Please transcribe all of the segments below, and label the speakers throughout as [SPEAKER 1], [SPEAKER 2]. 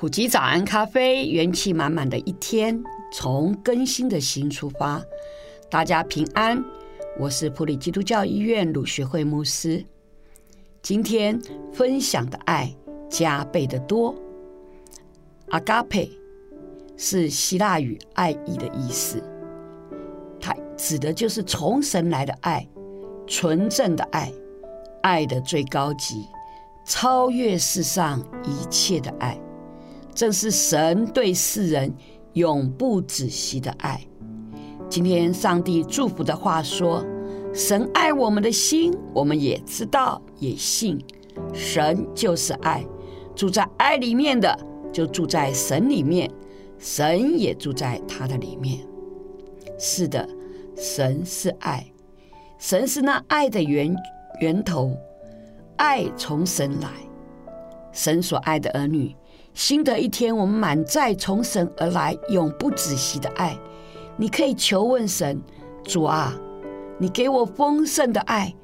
[SPEAKER 1] 埔基早安咖啡，元氣滿滿的一天，從更新的心出發，大家平安。我是埔里基督教醫院魯學蕙牧師。今天分享的愛加倍的多。Agape 是希臘語“愛意”的意思，它指的就是從神來的愛，純正的愛，愛的最高級，超越世上一切的愛。正是神對世人永不止息的愛。今天上帝祝福的話說：“神愛我們的心，我們也知道，也信。神就是愛，住在愛裡面的，就住在神裡面，神也住在他的裡面。”是的，神是愛，神是那愛的源源頭，愛從神來，神所愛的兒女。新的一天，我們滿載從神而來、永不止息的愛。你可以求問神：主啊，你給我豐盛的愛，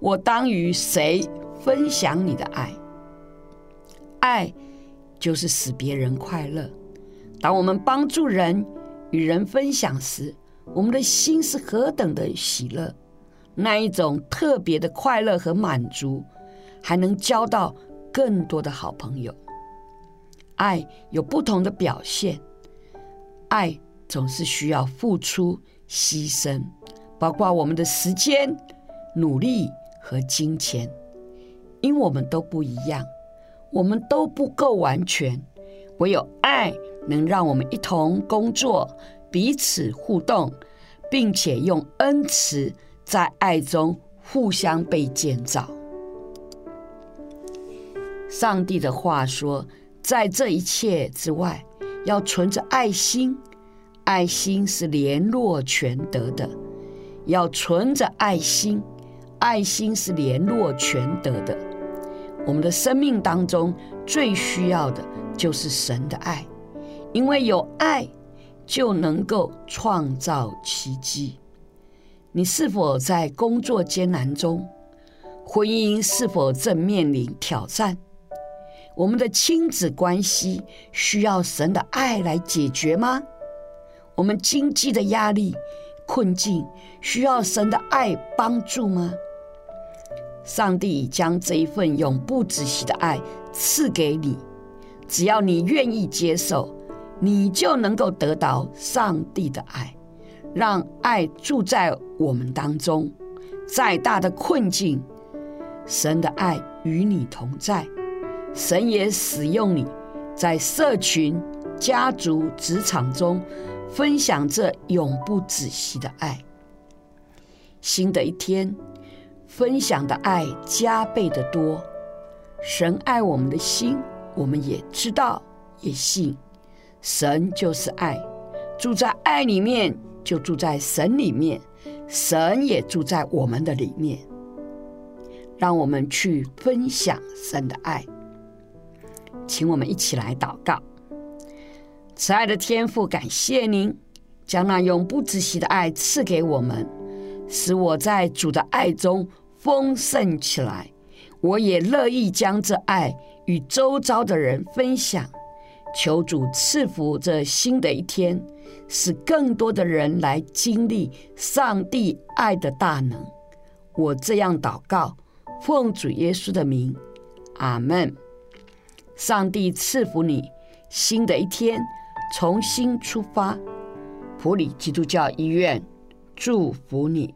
[SPEAKER 1] 我當與誰分享你的愛？愛就是使別人快樂。當我們幫助人、與人分享時，我們的心是何等的喜樂！那一種特別的快樂和滿足，還能交到更多的好朋友。愛有不同的表現，愛總是需要付出、犧牲，包括我們的時間、努力和金錢，因為我們都不一樣，我們都不夠完全。唯有愛能讓我們一同工作，彼此互動，並且用恩慈在愛中互相被建造。上帝的話說。在這一切之外，要存着愛心，愛心是聯絡全德的；要存着愛心，愛心是聯絡全德的。我們的生命當中最需要的就是神的愛，因為有愛就能夠創造奇蹟。你是否在工作艱難中，婚姻是否正面臨挑戰？我們的親子關係需要神的愛來解決嗎？我們經濟的壓力困境需要神的愛幫助嗎？上帝將這一份永不止息的愛賜給你，只要你願意接受，你就能夠得到上帝的愛，讓愛住在我們當中。再大的困境，神的愛與你同在。神也使用你，在社群、家族、職場中分享這永不止息的愛。新的一天，分享的愛加倍的多。神愛我們的心，我們也知道，也信。神就是愛，住在愛裡面，就住在神裡面。神也住在我們的裡面。讓我們去分享神的愛。請我們一起來禱告，慈愛的天父，感謝您將那永不止息的愛賜給我們，使我在主的愛中豐盛起來。我也樂意將這愛與周遭的人分享。求主賜福這新的一天，使更多的人來經歷上帝愛的大能。我這樣禱告，奉主耶穌的名，阿門。上帝賜福你，新的一天，重新出發。埔里基督教醫院祝福你。